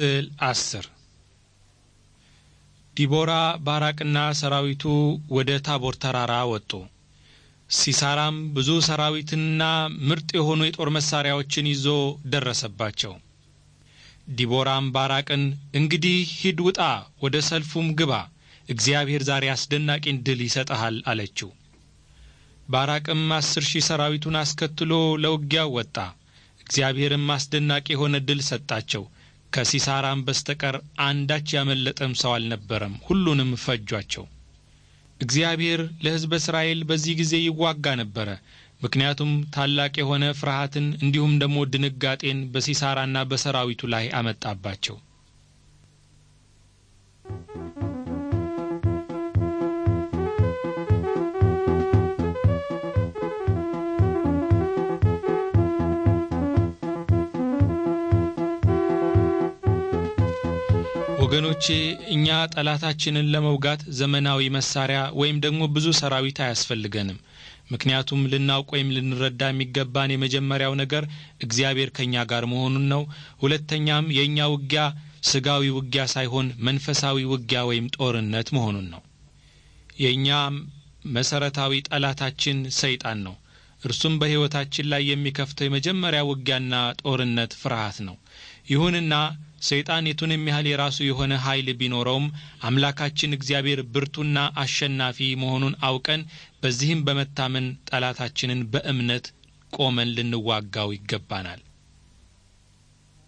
ስዕል አስር ዲቦራ ባራቅና ሰራዊቱ ወደ ታቦር ተራራ ወጡ። ሲሳራም ብዙ ሰራዊትና ምርጥ የሆኑ የጦር መሳሪያዎችን ይዞ ደረሰባቸው። ዲቦራም ባራቅን እንግዲህ ሂድ፣ ውጣ፣ ወደ ሰልፉም ግባ፣ እግዚአብሔር ዛሬ አስደናቂን ድል ይሰጠሃል አለችው። ባራቅም አስር ሺህ ሰራዊቱን አስከትሎ ለውጊያው ወጣ። እግዚአብሔርም አስደናቂ የሆነ ድል ሰጣቸው። ከሲሳራም በስተቀር አንዳች ያመለጠም ሰው አልነበረም፣ ሁሉንም ፈጇቸው። እግዚአብሔር ለሕዝበ እስራኤል በዚህ ጊዜ ይዋጋ ነበረ። ምክንያቱም ታላቅ የሆነ ፍርሃትን እንዲሁም ደግሞ ድንጋጤን በሲሳራና በሰራዊቱ ላይ አመጣባቸው። ወገኖቼ እኛ ጠላታችንን ለመውጋት ዘመናዊ መሳሪያ ወይም ደግሞ ብዙ ሰራዊት አያስፈልገንም። ምክንያቱም ልናውቅ ወይም ልንረዳ የሚገባን የመጀመሪያው ነገር እግዚአብሔር ከእኛ ጋር መሆኑን ነው። ሁለተኛም የእኛ ውጊያ ስጋዊ ውጊያ ሳይሆን መንፈሳዊ ውጊያ ወይም ጦርነት መሆኑን ነው። የእኛ መሰረታዊ ጠላታችን ሰይጣን ነው። እርሱም በሕይወታችን ላይ የሚከፍተው የመጀመሪያ ውጊያና ጦርነት ፍርሃት ነው። ይሁንና ሰይጣን የቱንም ያህል የራሱ የሆነ ኃይል ቢኖረውም አምላካችን እግዚአብሔር ብርቱና አሸናፊ መሆኑን አውቀን በዚህም በመታመን ጠላታችንን በእምነት ቆመን ልንዋጋው ይገባናል።